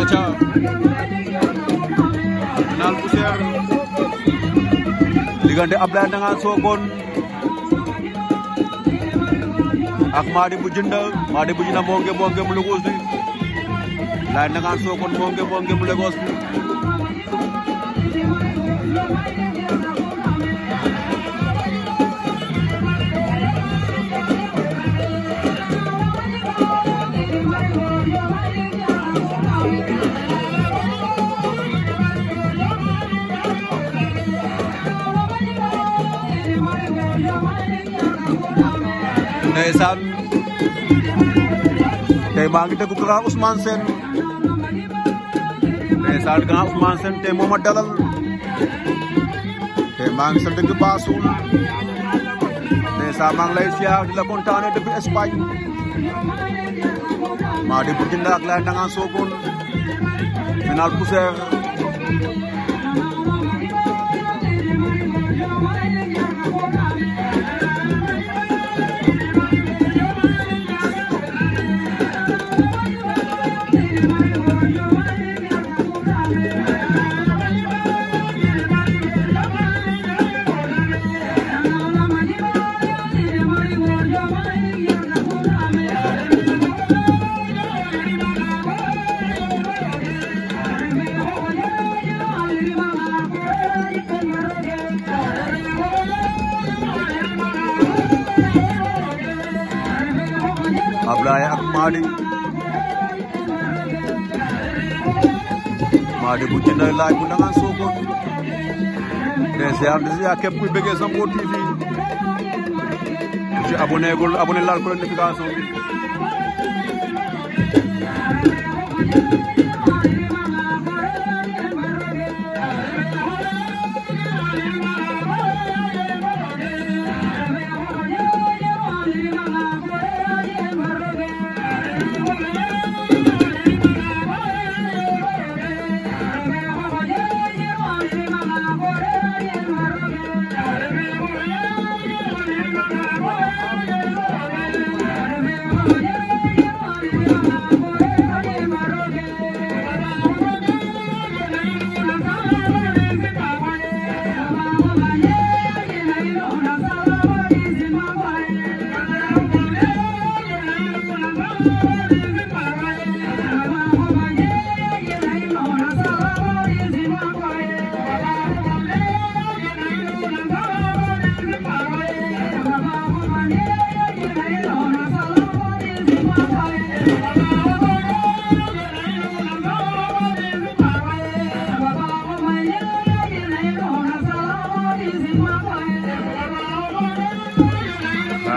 aca final poussière diggante Ablaye Ndangaan Sokone ak Mady bu Jinda Mady bu Jinda moo ngi mu Lagos bi Ablaye Ndangaan Sokone moo ngi mu Lagos bi ndeysaan tey maa ngi déglu grand Ousmane Sène ndeysaan grand Ousmane Sène tey moo ma dalal tey maa ngi sa dëgg baasul ndeysaan maa ngi lay siyaar di la kontaane depuis Espagne di Bounkiling ak Laye Ndangaan Sokone final poussière Abdullah Ahmad Mady bu Jinné laay bu Ndangaan Sokone de ziar di ziar képp kuy bëggee Zambro TV ku ci abonné gul abonné laal ko notification bi Bye.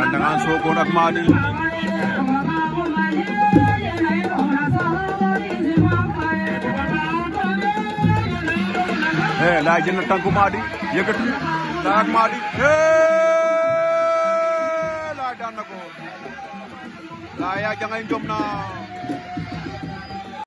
dengan sokong Rahmani. Eh, lagi nak tangku madi, ya kerja, tangku madi. Eh. daan na ko Yaya Dieng Ndiom na